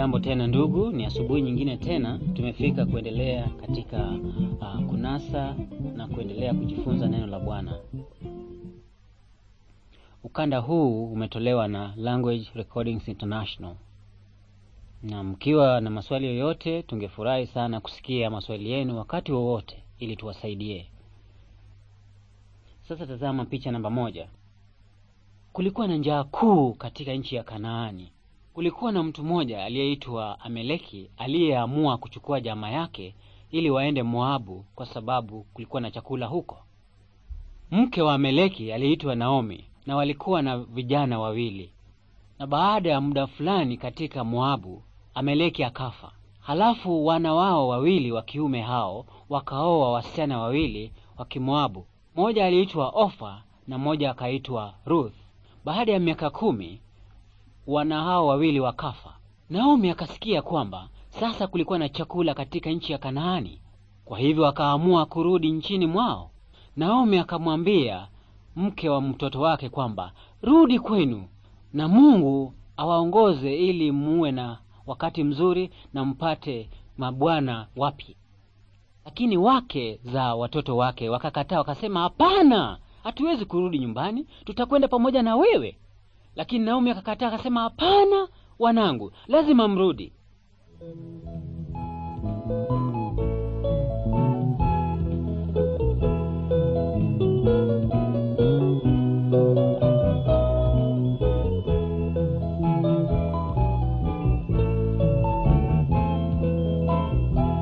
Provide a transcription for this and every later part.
jambo tena ndugu, ni asubuhi nyingine tena tumefika kuendelea katika uh, kunasa na kuendelea kujifunza neno la Bwana. Ukanda huu umetolewa na Language Recordings International, na mkiwa na maswali yoyote, tungefurahi sana kusikia maswali yenu wakati wowote, ili tuwasaidie. Sasa tazama picha namba moja. Kulikuwa na njaa kuu katika nchi ya Kanaani Kulikuwa na mtu mmoja aliyeitwa Ameleki aliyeamua kuchukua jamaa yake ili waende Moabu kwa sababu kulikuwa na chakula huko. Mke wa Ameleki aliitwa Naomi na walikuwa na vijana wawili. Na baada ya muda fulani katika Moabu, Ameleki akafa. Halafu wana wao wawili wa kiume hao wakaoa wasichana wawili wa Kimoabu. Mmoja aliitwa Ofa na mmoja akaitwa Ruth. Baada ya miaka kumi wana hao wawili wakafa. Naomi akasikia kwamba sasa kulikuwa na chakula katika nchi ya Kanaani, kwa hivyo akaamua kurudi nchini mwao. Naomi akamwambia mke wa mtoto wake kwamba rudi kwenu na Mungu awaongoze ili muwe na wakati mzuri na mpate mabwana wapya. Lakini wake za watoto wake wakakataa, wakasema, hapana, hatuwezi kurudi nyumbani, tutakwenda pamoja na wewe. Lakini Naomi akakataa, akasema, hapana wanangu, lazima mrudi.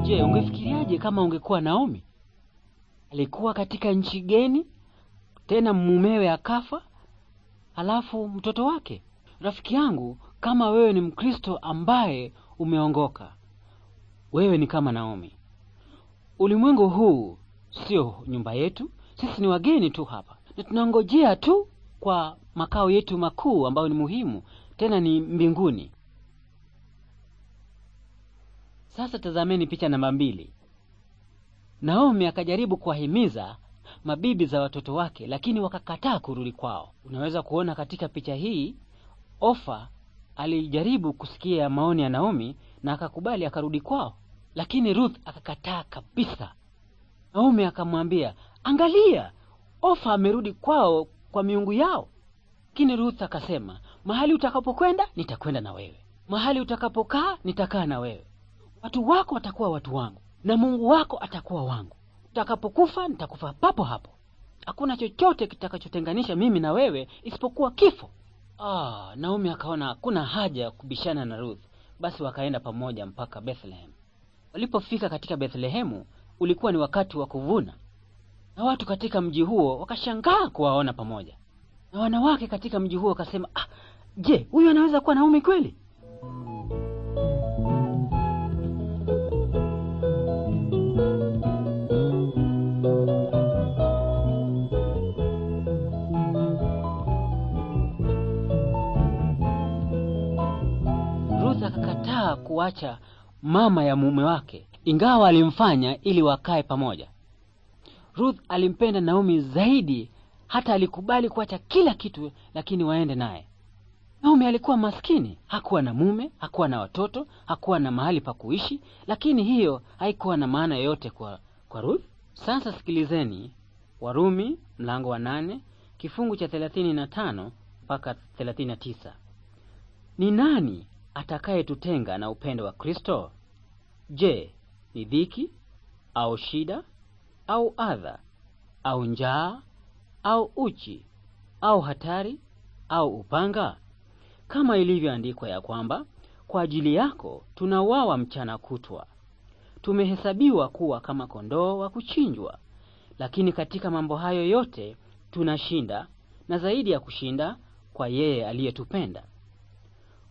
Je, ungefikiriaje kama ungekuwa Naomi? Alikuwa katika nchi geni, tena mumewe akafa, halafu mtoto wake. Rafiki yangu, kama wewe ni Mkristo ambaye umeongoka, wewe ni kama Naomi. Ulimwengu huu sio nyumba yetu, sisi ni wageni tu hapa, na tunangojea tu kwa makao yetu makuu ambayo ni muhimu tena ni mbinguni. Sasa tazameni picha namba mbili. Naomi akajaribu kuwahimiza mabibi za watoto wake, lakini wakakataa kurudi kwao. Unaweza kuona katika picha hii Ofa alijaribu kusikia maoni ya Naomi na akakubali, akarudi kwao, lakini Ruth akakataa kabisa. Naomi akamwambia, angalia, Ofa amerudi kwao kwa miungu yao. Lakini Ruth akasema, mahali utakapokwenda nitakwenda na wewe, mahali utakapokaa nitakaa na wewe, watu wako watakuwa watu wangu na Mungu wako atakuwa wangu. Utakapokufa nitakufa papo hapo, hakuna chochote kitakachotenganisha mimi na wewe isipokuwa kifo. Ah, Naomi akaona hakuna haja ya kubishana na Ruth, basi wakaenda pamoja mpaka Bethlehem. Walipofika katika Bethlehemu, ulikuwa ni wakati wa kuvuna, na watu katika mji huo wakashangaa kuwaona pamoja, na wanawake katika mji huo wakasema, ah, je, huyu anaweza kuwa Naomi kweli? kukataa kuacha mama ya mume wake, ingawa alimfanya ili wakae pamoja. Ruth alimpenda Naomi zaidi, hata alikubali kuacha kila kitu, lakini waende naye. Naomi alikuwa maskini, hakuwa na mume, hakuwa na watoto, hakuwa na mahali pa kuishi, lakini hiyo haikuwa na maana yoyote kwa, kwa Ruth. Sasa sikilizeni Warumi mlango wa nane kifungu cha 35 mpaka 39. Ni nani atakayetutenga na upendo wa Kristo? Je, ni dhiki au shida au adha au njaa au uchi au hatari au upanga? Kama ilivyoandikwa ya kwamba kwa ajili yako tunauawa mchana kutwa, tumehesabiwa kuwa kama kondoo wa kuchinjwa. Lakini katika mambo hayo yote tunashinda, na zaidi ya kushinda, kwa yeye aliyetupenda.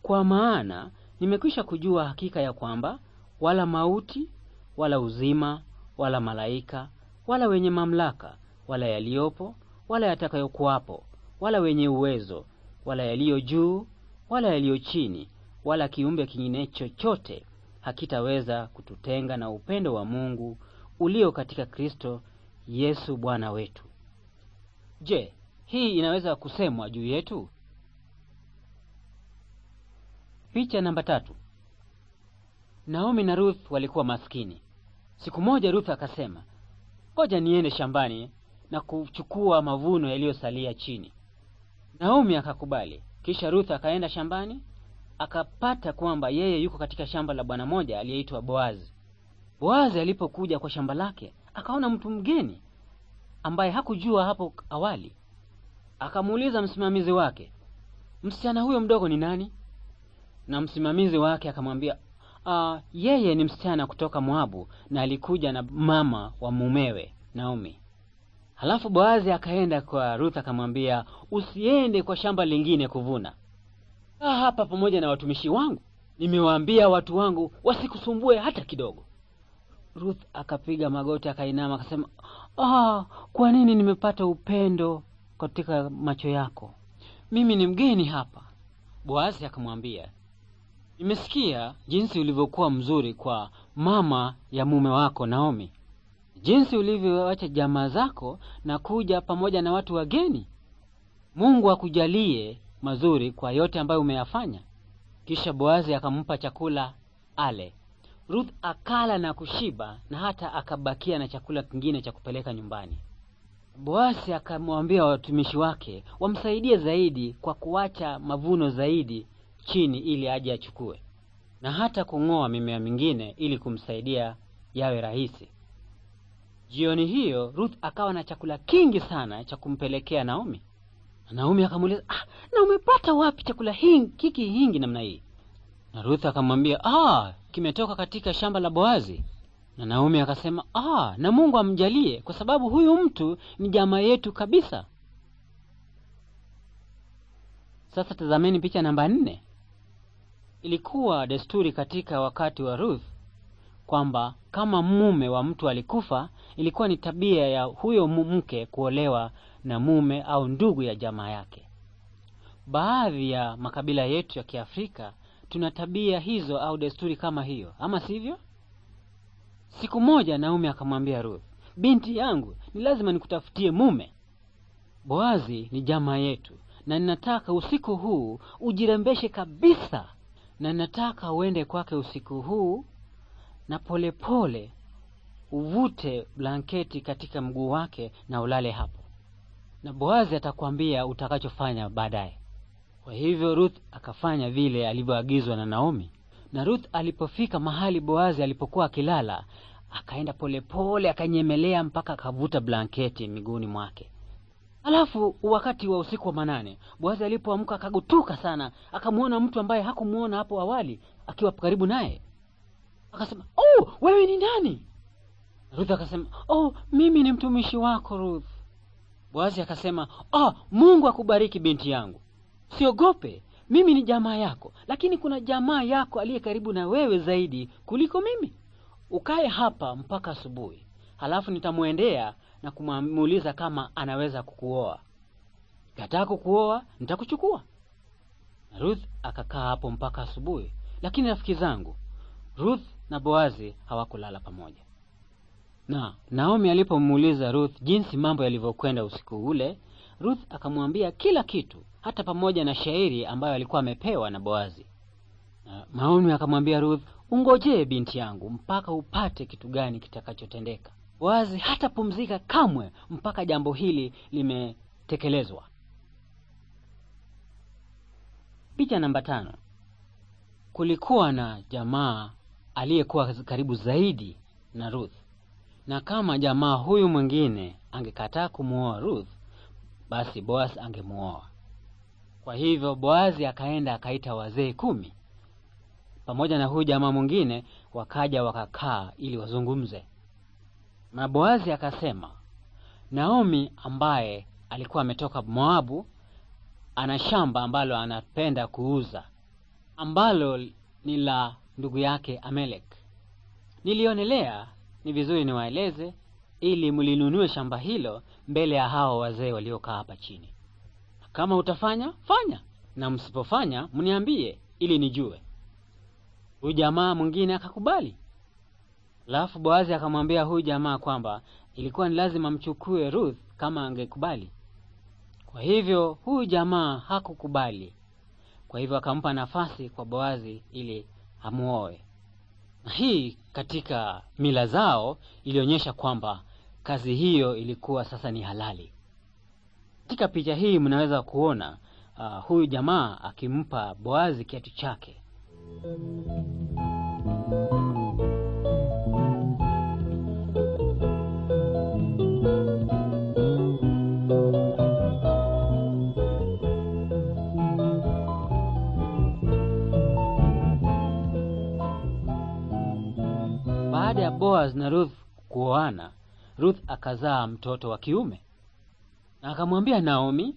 Kwa maana nimekwisha kujua hakika ya kwamba wala mauti wala uzima wala malaika wala wenye mamlaka wala yaliyopo wala yatakayokuwapo wala wenye uwezo wala yaliyo juu wala yaliyo chini wala kiumbe kingine chochote hakitaweza kututenga na upendo wa Mungu ulio katika Kristo Yesu Bwana wetu. Je, hii inaweza kusemwa juu yetu? Picha namba tatu. Naomi na Ruth walikuwa maskini. Siku moja Ruth akasema, ngoja niende shambani na kuchukua mavuno yaliyosalia chini. Naomi akakubali. Kisha Ruth akaenda shambani, akapata kwamba yeye yuko katika shamba la bwana moja aliyeitwa Boazi. Boazi alipokuja kwa shamba lake, akaona mtu mgeni ambaye hakujua hapo awali. Akamuuliza msimamizi wake, msichana huyo mdogo ni nani? na msimamizi wake akamwambia uh, yeye ni msichana kutoka Moabu na alikuja na mama wa mumewe Naomi. Halafu Boazi akaenda kwa Ruth akamwambia, usiende kwa shamba lingine kuvuna, kaa hapa pamoja na watumishi wangu. Nimewaambia watu wangu wasikusumbue hata kidogo. Ruth akapiga magoti, akainama, akasema, ah, kwa nini nimepata upendo katika macho yako? Mimi ni mgeni hapa. Boazi akamwambia, Nimesikia jinsi ulivyokuwa mzuri kwa mama ya mume wako Naomi, jinsi ulivyoacha jamaa zako na kuja pamoja na watu wageni. Mungu akujalie mazuri kwa yote ambayo umeyafanya. Kisha Boazi akampa chakula ale. Ruth akala na kushiba, na hata akabakia na chakula kingine cha kupeleka nyumbani. Boazi akamwambia watumishi wake wamsaidie zaidi kwa kuacha mavuno zaidi chini ili aje achukue, na hata kung'oa mimea mingine ili kumsaidia yawe rahisi. Jioni hiyo Ruth akawa na chakula kingi sana cha kumpelekea Naomi. Naomi akamuuliza, ah, na umepata wapi chakula hiki hingi namna hii? Na Ruth akamwambia, ah, kimetoka katika shamba la Boazi. Na Naomi akasema, ah, na Mungu amjalie, kwa sababu huyu mtu ni jamaa yetu kabisa. Sasa tazameni picha namba nne. Ilikuwa desturi katika wakati wa Ruth kwamba kama mume wa mtu alikufa, ilikuwa ni tabia ya huyo mke kuolewa na mume au ndugu ya jamaa yake. Baadhi ya makabila yetu ya Kiafrika tuna tabia hizo au desturi kama hiyo, ama sivyo? Siku moja Naomi akamwambia Ruth, binti yangu, ni lazima nikutafutie mume. Boazi ni jamaa yetu, na ninataka usiku huu ujirembeshe kabisa na nataka uende kwake usiku huu na polepole pole, uvute blanketi katika mguu wake na ulale hapo, na Boazi atakwambia utakachofanya baadaye. Kwa hivyo Ruth akafanya vile alivyoagizwa na Naomi. Na Ruth alipofika mahali Boazi alipokuwa akilala, akaenda polepole, akanyemelea mpaka akavuta blanketi miguuni mwake. Halafu wakati wa usiku wa manane, Boazi alipoamka akagutuka sana, akamwona mtu ambaye hakumwona hapo awali akiwa karibu naye. Akasema, oh, wewe ni nani? Ruth akasema, oh, mimi ni mtumishi wako Ruth. Boazi akasema, ah, Mungu akubariki binti yangu, siogope, mimi ni jamaa yako, lakini kuna jamaa yako aliye karibu na wewe zaidi kuliko mimi. Ukae hapa mpaka asubuhi, halafu nitamwendea na kumuuliza kama anaweza kukuoa. Kataa kukuoa, nitakuchukua. Ruth akakaa hapo mpaka asubuhi. Lakini rafiki zangu, Ruth na Boazi hawakulala pamoja. Na Naomi alipomuuliza Ruth jinsi mambo yalivyokwenda usiku ule, Ruth akamwambia kila kitu, hata pamoja na shairi ambayo alikuwa amepewa na Boazi. Naomi akamwambia Ruth, ungojee binti yangu mpaka upate kitu gani kitakachotendeka wazi hatapumzika kamwe mpaka jambo hili limetekelezwa. Picha namba tano. Kulikuwa na jamaa aliyekuwa karibu zaidi na Ruth, na kama jamaa huyu mwingine angekataa kumwoa Ruth, basi Boaz angemwoa. Kwa hivyo Boazi akaenda akaita wazee kumi pamoja na huyu jamaa mwingine, wakaja wakakaa ili wazungumze na Boazi akasema, Naomi ambaye alikuwa ametoka Moabu ana shamba ambalo anapenda kuuza ambalo ni la ndugu yake Amelek. Nilionelea ni vizuri niwaeleze ili mlinunue shamba hilo mbele ya hao wazee waliokaa hapa chini. Kama utafanya fanya, na msipofanya mniambie ili nijue. Huyu jamaa mwingine akakubali. Alafu Boazi akamwambia huyu jamaa kwamba ilikuwa ni lazima mchukue Ruth kama angekubali. Kwa hivyo huyu jamaa hakukubali. Kwa hivyo akampa nafasi kwa Boazi ili amuoe. Na hii katika mila zao ilionyesha kwamba kazi hiyo ilikuwa sasa ni halali. Katika picha hii mnaweza kuona uh, huyu jamaa akimpa Boazi kiatu chake. ya Boaz na Ruth kuoana, Ruth akazaa mtoto wa kiume, na akamwambia Naomi,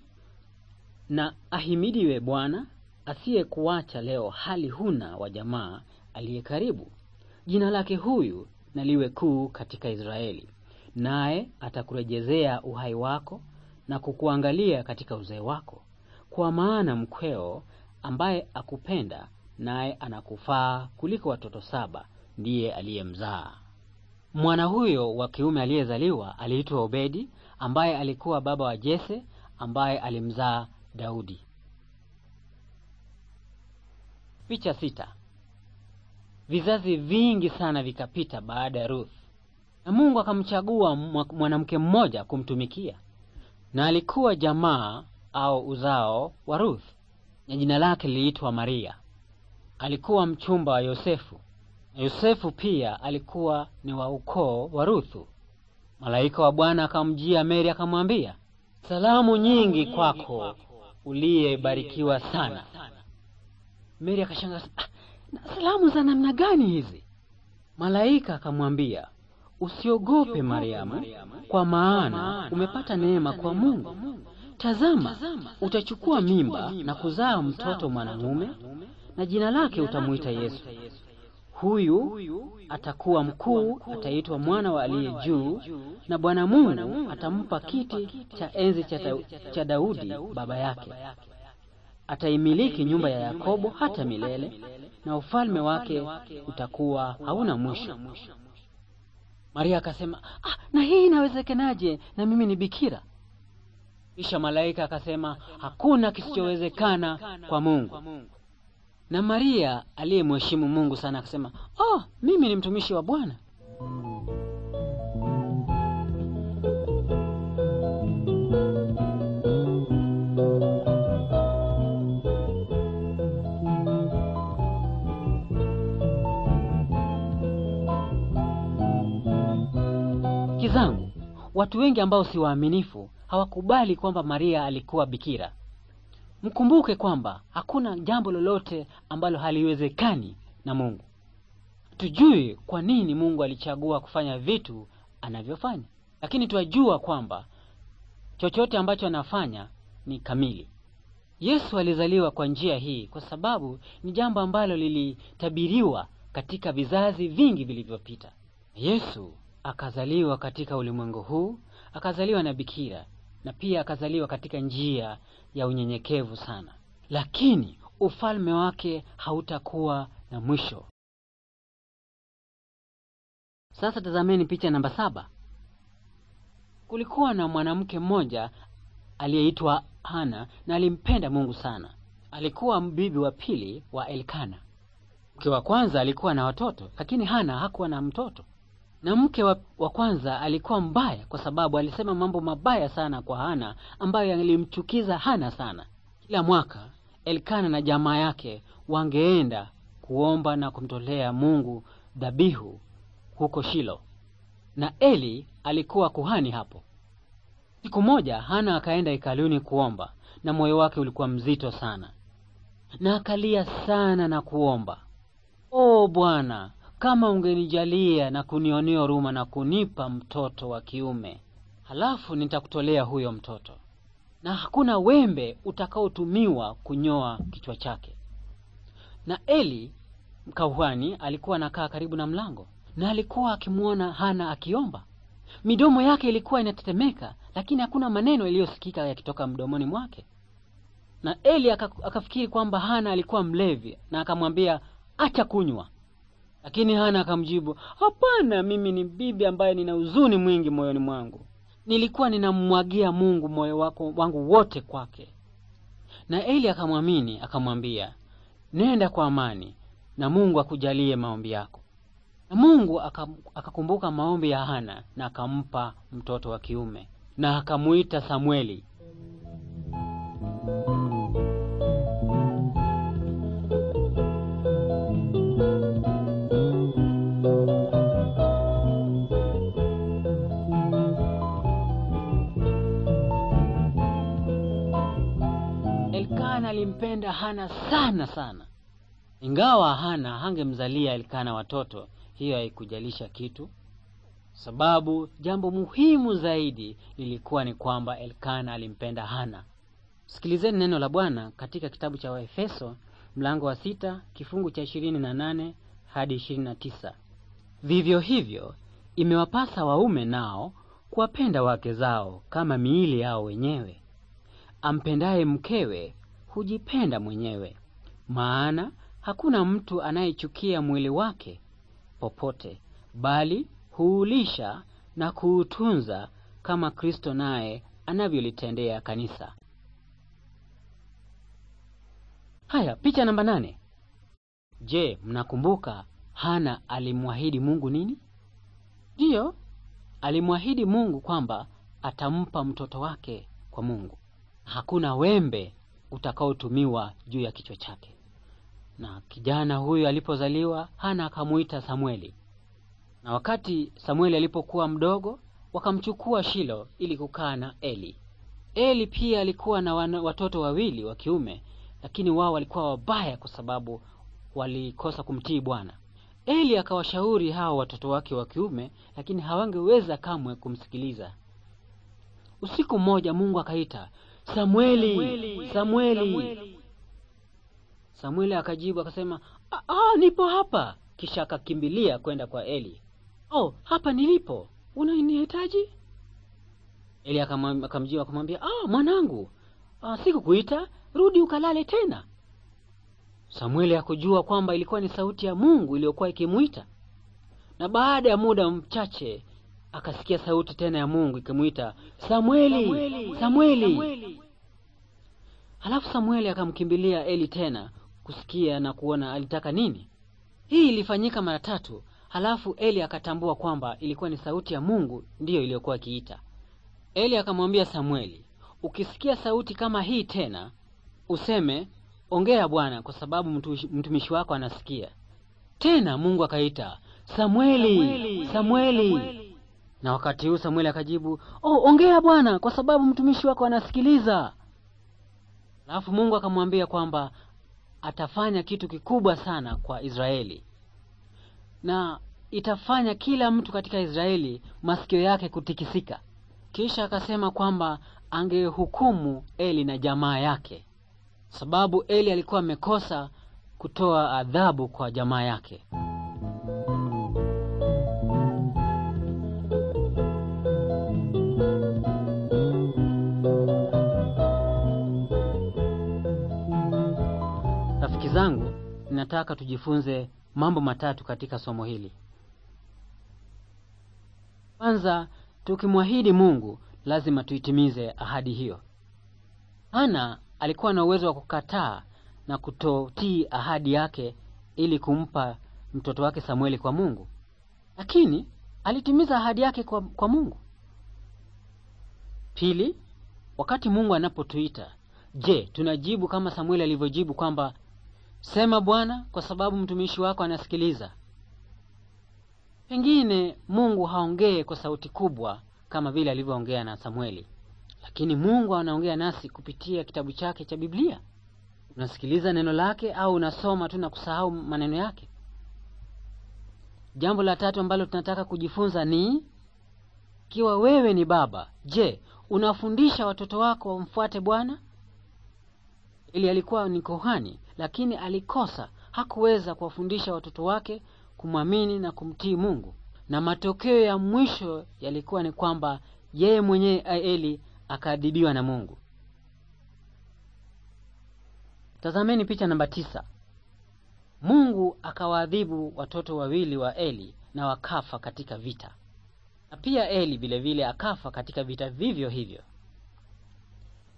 na ahimidiwe Bwana asiyekuacha leo hali huna wa jamaa aliye karibu. Jina lake huyu na liwe kuu katika Israeli, naye atakurejezea uhai wako na kukuangalia katika uzee wako, kwa maana mkweo ambaye akupenda naye anakufaa kuliko watoto saba ndiye aliyemzaa. Mwana huyo wa kiume aliyezaliwa aliitwa Obedi, ambaye alikuwa baba wa Jese ambaye alimzaa Daudi. Picha sita. Vizazi vingi sana vikapita baada ya Ruth, na Mungu akamchagua mwanamke mmoja kumtumikia, na alikuwa jamaa au uzao wa Ruth, na jina lake liliitwa Maria. Alikuwa mchumba wa Yosefu Yosefu pia alikuwa ni wa ukoo wa Ruthu. Malaika wa Bwana akamjia Meri akamwambia, salamu nyingi kwako, uliyebarikiwa sana. Meri akashangaa, ah, salamu za namna gani hizi? Malaika akamwambia, usiogope Mariamu, kwa maana umepata neema kwa Mungu. Tazama, utachukua mimba na kuzaa mtoto mwanamume, na jina lake utamwita Yesu. Huyu atakuwa mkuu, ataitwa mwana wa aliye juu, na Bwana Mungu atampa kiti cha enzi cha Daudi baba yake. Ataimiliki nyumba ya Yakobo hata milele, na ufalme wake utakuwa hauna mwisho. Maria akasema, ah, na hii inawezekanaje? Na mimi ni bikira. Kisha malaika akasema, hakuna kisichowezekana kwa Mungu na Maria aliyemheshimu Mungu sana akasema, oh, mimi ni mtumishi wa Bwana. Kizangu, watu wengi ambao si waaminifu hawakubali kwamba Maria alikuwa bikira. Mkumbuke kwamba hakuna jambo lolote ambalo haliwezekani na Mungu. Tujue kwa nini Mungu alichagua kufanya vitu anavyofanya, lakini twajua kwamba chochote ambacho anafanya ni kamili. Yesu alizaliwa kwa njia hii kwa sababu ni jambo ambalo lilitabiriwa katika vizazi vingi vilivyopita. Yesu akazaliwa katika ulimwengu huu, akazaliwa na bikira na pia akazaliwa katika njia ya unyenyekevu sana, lakini ufalme wake hautakuwa na mwisho. Sasa tazameni picha namba saba. Kulikuwa na mwanamke mmoja aliyeitwa Hana na alimpenda Mungu sana. Alikuwa mbibi wa pili wa Elkana. Mke wa kwanza alikuwa na watoto, lakini Hana hakuwa na mtoto na mke wa, wa kwanza alikuwa mbaya kwa sababu alisema mambo mabaya sana kwa Hana ambayo yalimchukiza Hana sana. Kila mwaka Elkana na jamaa yake wangeenda kuomba na kumtolea Mungu dhabihu huko Shilo, na Eli alikuwa kuhani hapo. Siku moja Hana akaenda hekaluni kuomba, na moyo wake ulikuwa mzito sana, na akalia sana na kuomba, o Bwana, kama ungenijalia na kunionea huruma na kunipa mtoto wa kiume, halafu nitakutolea huyo mtoto, na hakuna wembe utakaotumiwa kunyoa kichwa chake. Na Eli mkauhani alikuwa anakaa karibu na mlango, na alikuwa akimwona Hana akiomba. Midomo yake ilikuwa inatetemeka, lakini hakuna maneno yaliyosikika yakitoka mdomoni mwake. Na Eli akafikiri kwamba Hana alikuwa mlevi, na akamwambia acha kunywa. Lakini Hana akamjibu, hapana, mimi ni bibi ambaye nina huzuni mwingi moyoni mwangu. Nilikuwa ninamwagia Mungu moyo wako wangu wote kwake. Na Eli akamwamini akamwambia, nenda kwa amani na Mungu akujalie maombi yako. Na Mungu akakumbuka maombi ya Hana na akampa mtoto wa kiume na akamuita Samueli. alimpenda Hana sana sana, ingawa Hana hangemzalia Elkana watoto, hiyo haikujalisha kitu, sababu jambo muhimu zaidi lilikuwa ni kwamba Elkana alimpenda Hana. Sikilizeni neno la Bwana katika kitabu cha Waefeso mlango wa sita kifungu cha ishirini na nane hadi ishirini na tisa. Vivyo hivyo imewapasa waume nao kuwapenda wake zao kama miili yao wenyewe. Ampendaye mkewe hujipenda mwenyewe, maana hakuna mtu anayechukia mwili wake popote, bali huulisha na kuutunza kama Kristo naye anavyolitendea kanisa. Haya, picha namba nane. Je, mnakumbuka Hana alimwahidi Mungu nini? Ndiyo, alimwahidi Mungu kwamba atampa mtoto wake kwa Mungu. Hakuna wembe utakaotumiwa juu ya kichwa chake. Na kijana huyu alipozaliwa, Hana akamuita Samueli. Na wakati Samueli alipokuwa mdogo, wakamchukua Shilo ili kukaa na Eli. Eli pia alikuwa na wana, watoto wawili wa kiume, lakini wao walikuwa wabaya kwa sababu walikosa kumtii Bwana. Eli akawashauri hao watoto wake wa kiume, lakini hawangeweza kamwe kumsikiliza. Usiku mmoja Mungu akaita, Samueli, Samueli. Samueli akajibu akasema, ah, nipo hapa. Kisha akakimbilia kwenda kwa Eli. Oh, hapa nilipo, unanihitaji? Eli akamjibu akamwambia, ah, mwanangu, ah, sikukuita, rudi ukalale tena. Samueli hakujua kwamba ilikuwa ni sauti ya Mungu iliyokuwa ikimwita. Na baada ya muda mchache akasikia sauti tena ya Mungu ikimwita samweli samweli Halafu Samueli akamkimbilia Eli tena kusikia na kuona alitaka nini. Hii ilifanyika mara tatu, halafu Eli akatambua kwamba ilikuwa ni sauti ya Mungu ndiyo iliyokuwa ikiita. Eli akamwambia Samueli, ukisikia sauti kama hii tena useme, ongea Bwana, kwa sababu mtumishi wako anasikia. Tena Mungu akaita Samueli, Samueli, Samueli. Na wakati huu Samueli akajibu, oh, ongea Bwana, kwa sababu mtumishi wako anasikiliza. Alafu Mungu akamwambia kwamba atafanya kitu kikubwa sana kwa Israeli na itafanya kila mtu katika Israeli masikio yake kutikisika. Kisha akasema kwamba angehukumu Eli na jamaa yake, sababu Eli alikuwa amekosa kutoa adhabu kwa jamaa yake. ninataka tujifunze mambo matatu katika somo hili. Kwanza, tukimwahidi Mungu lazima tuitimize ahadi hiyo. Hana alikuwa na uwezo wa kukataa na kutotii ahadi yake ili kumpa mtoto wake Samueli kwa Mungu, lakini alitimiza ahadi yake kwa, kwa Mungu. Pili, wakati Mungu anapotuita, je, tunajibu kama Samueli alivyojibu kwamba Sema Bwana, kwa sababu mtumishi wako anasikiliza. Pengine Mungu haongee kwa sauti kubwa kama vile alivyoongea na Samueli, lakini Mungu anaongea nasi kupitia kitabu chake cha Biblia. Unasikiliza neno lake au unasoma tu na kusahau maneno yake? Jambo la tatu ambalo tunataka kujifunza ni ikiwa wewe ni baba, je, unafundisha watoto wako wamfuate Bwana? Eli alikuwa ni kohani, lakini alikosa. Hakuweza kuwafundisha watoto wake kumwamini na kumtii Mungu, na matokeo ya mwisho yalikuwa ni kwamba yeye mwenyewe eh, Eli akaadhibiwa na Mungu. Tazameni picha namba tisa. Mungu akawaadhibu watoto wawili wa Eli na wakafa katika vita, na pia Eli vilevile akafa katika vita vivyo hivyo.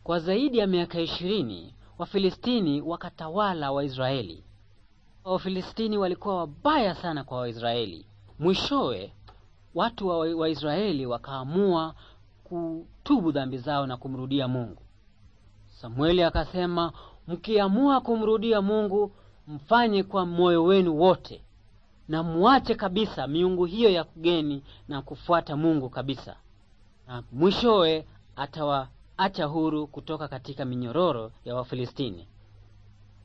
Kwa zaidi ya miaka ishirini Wafilistini wakatawala Waisraeli. Wafilistini walikuwa wabaya sana kwa Waisraeli. Mwishowe watu wa Waisraeli wakaamua kutubu dhambi zao na kumrudia Mungu. Samueli akasema, mkiamua kumrudia Mungu mfanye kwa moyo wenu wote na muache kabisa miungu hiyo ya kigeni na kufuata Mungu kabisa, na mwishowe atawa acha huru kutoka katika minyororo ya Wafilistini.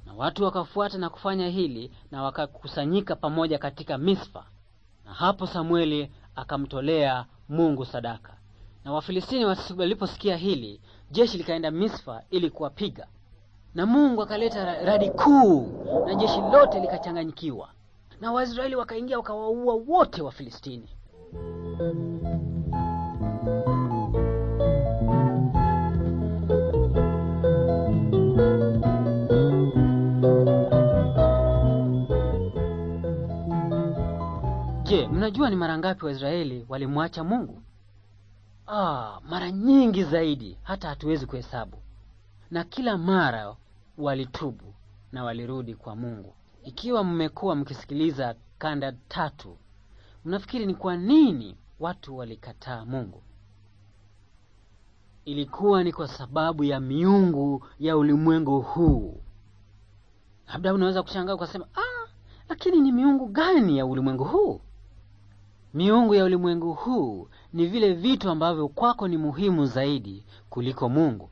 Na watu wakafuata na kufanya hili, na wakakusanyika pamoja katika misfa na hapo Samueli akamtolea Mungu sadaka. Na Wafilistini waliposikia hili, jeshi likaenda misfa ili kuwapiga, na Mungu akaleta radi kuu, na jeshi lote likachanganyikiwa, na Waisraeli wakaingia wakawaua wote Wafilistini. Je, mnajua ni mara ngapi Waisraeli walimwacha Mungu? Ah, mara nyingi zaidi hata hatuwezi kuhesabu. Na kila mara walitubu na walirudi kwa Mungu. Ikiwa mmekuwa mkisikiliza kanda tatu, mnafikiri ni kwa nini watu walikataa Mungu? Ilikuwa ni kwa sababu ya miungu ya ulimwengu huu. Labda unaweza kushangaa ukasema, ah, lakini ni miungu gani ya ulimwengu huu? Miungu ya ulimwengu huu ni vile vitu ambavyo kwako ni muhimu zaidi kuliko Mungu.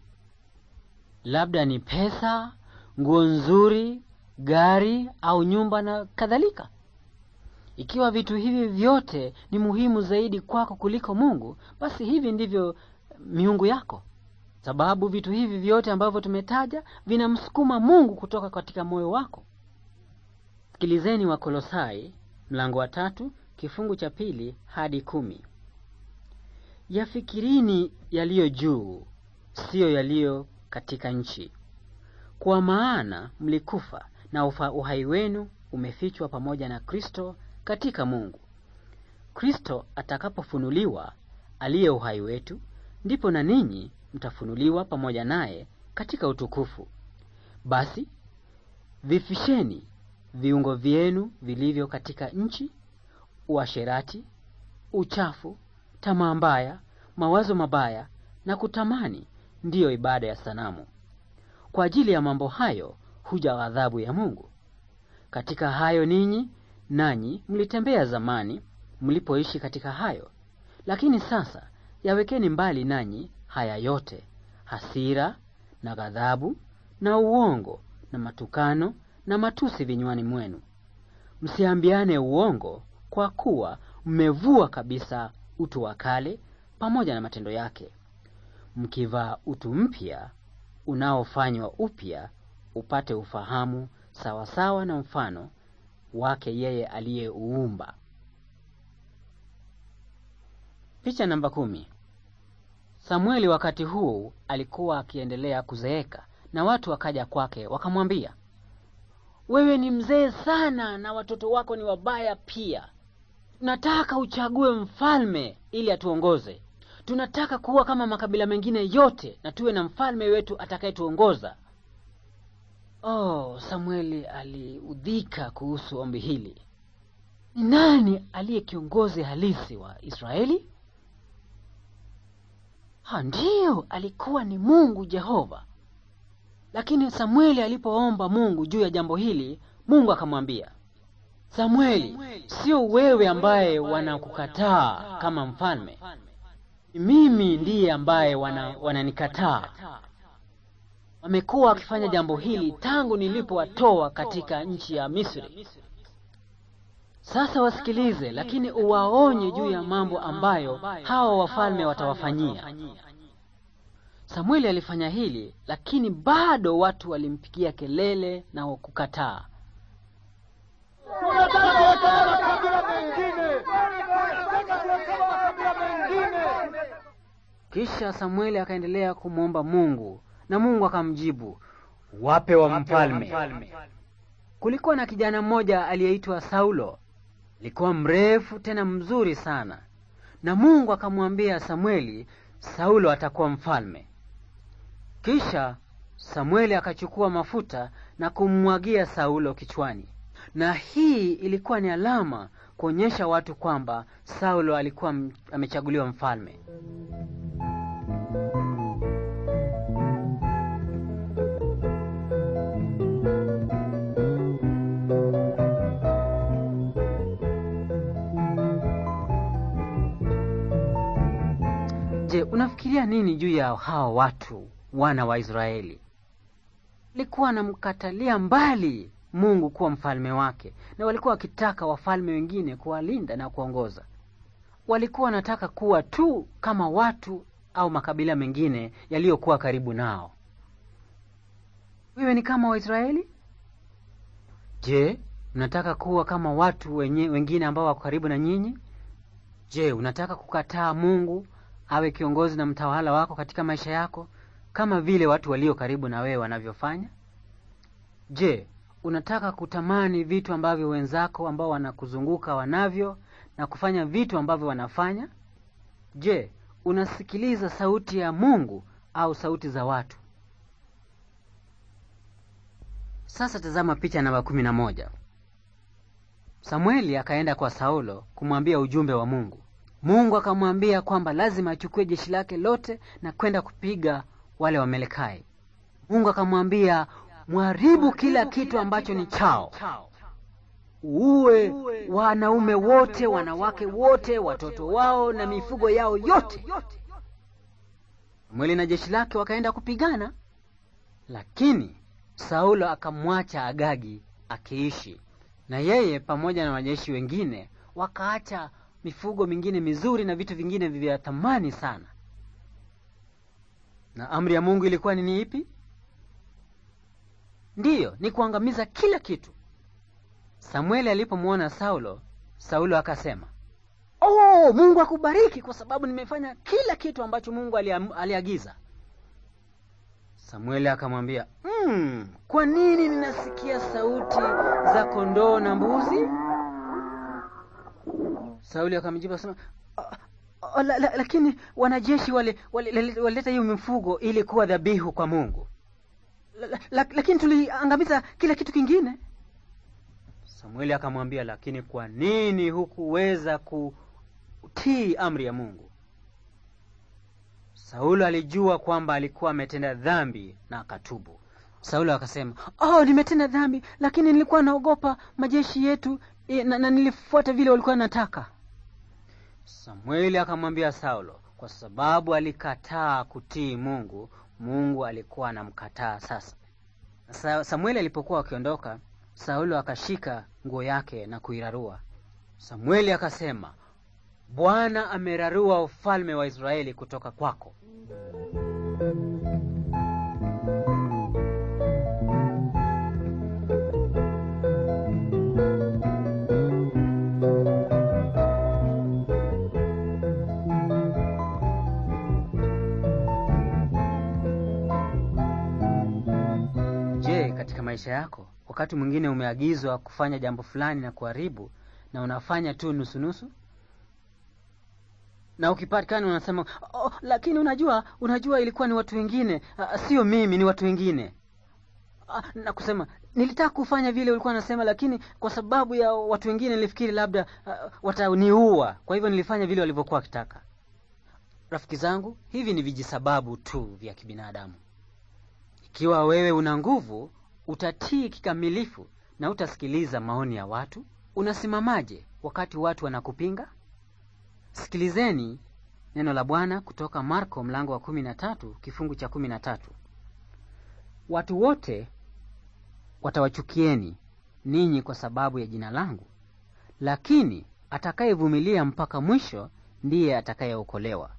Labda ni pesa, nguo nzuri, gari au nyumba na kadhalika. Ikiwa vitu hivi vyote ni muhimu zaidi kwako kuliko Mungu, basi hivi ndivyo miungu yako, sababu vitu hivi vyote ambavyo tumetaja vinamsukuma Mungu kutoka katika moyo wako. Sikilizeni Wakolosai mlango wa tatu kifungu cha pili hadi kumi. Yafikirini yaliyo juu, siyo yaliyo katika nchi, kwa maana mlikufa na uhai wenu umefichwa pamoja na Kristo katika Mungu. Kristo atakapofunuliwa, aliye uhai wetu, ndipo na ninyi mtafunuliwa pamoja naye katika utukufu. Basi vifisheni viungo vyenu vilivyo katika nchi uasherati, uchafu, tamaa mbaya, mawazo mabaya na kutamani ndiyo ibada ya sanamu. Kwa ajili ya mambo hayo huja ghadhabu ya Mungu. Katika hayo ninyi nanyi mlitembea zamani mlipoishi katika hayo. Lakini sasa yawekeni mbali nanyi haya yote: hasira na ghadhabu na uongo na matukano na matusi vinywani mwenu. Msiambiane uongo kwa kuwa mmevua kabisa utu wa kale pamoja na matendo yake, mkivaa utu mpya unaofanywa upya upate ufahamu sawasawa na mfano wake yeye aliyeuumba. Picha namba kumi. Samueli wakati huu alikuwa akiendelea kuzeeka, na watu wakaja kwake wakamwambia, wewe ni mzee sana na watoto wako ni wabaya pia, Tunataka uchague mfalme ili atuongoze. Tunataka kuwa kama makabila mengine yote na tuwe na mfalme wetu atakayetuongoza. Oh, Samueli aliudhika kuhusu ombi hili. Ni nani aliye kiongozi halisi wa Israeli? Ha, ndiyo, alikuwa ni Mungu Jehova. Lakini Samueli alipoomba Mungu juu ya jambo hili, Mungu akamwambia, Samueli, sio wewe ambaye wanakukataa kama mfalme, mimi ndiye ambaye wananikataa. Wana wamekuwa wakifanya jambo hili tangu nilipowatoa katika nchi ya Misri. Sasa wasikilize, lakini uwaonye juu ya mambo ambayo hawa wafalme watawafanyia. Samueli alifanya hili, lakini bado watu walimpigia kelele na kukataa tunataka makabila mengine, tunataka makabila mengine. Kisha Samueli akaendelea kumwomba Mungu na Mungu akamjibu, wape wa mfalme. Kulikuwa na kijana mmoja aliyeitwa Saulo, alikuwa mrefu tena mzuri sana, na Mungu akamwambia Samueli, Saulo atakuwa mfalme. Kisha Samueli akachukua mafuta na kummwagia Saulo kichwani na hii ilikuwa ni alama kuonyesha watu kwamba Saulo alikuwa amechaguliwa mfalme. Je, unafikiria nini juu ya hawa watu wana wa Israeli? Alikuwa anamkatalia mbali Mungu kuwa mfalme wake, na walikuwa wakitaka wafalme wengine kuwalinda na kuongoza. Walikuwa wanataka kuwa tu kama watu au makabila mengine yaliyokuwa karibu nao. Wewe ni kama Waisraeli? Je, unataka kuwa kama watu wenye, wengine ambao wako karibu na nyinyi? Je, unataka kukataa Mungu awe kiongozi na mtawala wako katika maisha yako kama vile watu walio karibu na wewe wanavyofanya? Je, unataka kutamani vitu ambavyo wenzako ambao wanakuzunguka wanavyo na kufanya vitu ambavyo wanafanya? Je, unasikiliza sauti ya Mungu au sauti za watu? Sasa tazama picha namba kumi na moja. Samueli akaenda kwa Saulo kumwambia ujumbe wa Mungu. Mungu akamwambia kwamba lazima achukue jeshi lake lote na kwenda kupiga wale Wamelekai. Mungu akamwambia Mharibu kila kitu ambacho ni chao, uwe wanaume wote, wanawake wote, watoto wao na mifugo yao yote. Samweli na jeshi lake wakaenda kupigana, lakini Saulo akamwacha Agagi akiishi, na yeye pamoja na wajeshi wengine wakaacha mifugo mingine mizuri na vitu vingine vya thamani sana. Na amri ya Mungu ilikuwa ni ipi? ndiyo, ni kuangamiza kila kitu. Samueli alipomwona Saulo, Saulo akasema, oh, Mungu akubariki kwa sababu nimefanya kila kitu ambacho Mungu aliagiza. Samueli akamwambia, mm, kwa nini ninasikia sauti za kondoo na mbuzi? Sauli akamjibu akasema, ah, ah, lakini wanajeshi walileta wale, wale, wale, hiyo mifugo ili kuwa dhabihu kwa Mungu lakini tuliangamiza kila kitu kingine. Samueli akamwambia, lakini kwa nini hukuweza kutii amri ya Mungu? Saulo alijua kwamba alikuwa ametenda dhambi na akatubu. Saulo akasema, oh, nimetenda dhambi, lakini nilikuwa naogopa majeshi yetu eh, na, na nilifuata vile walikuwa nataka. Samueli akamwambia Saulo, kwa sababu alikataa kutii Mungu, Mungu alikuwa anamkataa sasa. Samueli alipokuwa akiondoka, Saulo akashika nguo yake na kuirarua. Samueli akasema, Bwana amerarua ufalme wa Israeli kutoka kwako. maisha yako. Wakati mwingine umeagizwa kufanya jambo fulani na kuharibu, na unafanya tu nusunusu, na ukipatikana unasema oh, lakini unajua, unajua ilikuwa ni watu wengine, sio mimi, ni watu wengine na kusema nilitaka kufanya vile ulikuwa unasema, lakini kwa sababu ya watu wengine nilifikiri labda uh, wataniua, kwa hivyo nilifanya vile walivyokuwa wakitaka. Rafiki zangu, hivi ni vijisababu tu vya kibinadamu. Ikiwa wewe una nguvu, Utatii kikamilifu na utasikiliza maoni ya watu? Unasimamaje wakati watu wanakupinga? Sikilizeni neno la Bwana kutoka Marko mlango wa 13 kifungu cha 13. Watu wote watawachukieni ninyi kwa sababu ya jina langu, lakini atakayevumilia mpaka mwisho ndiye atakayeokolewa.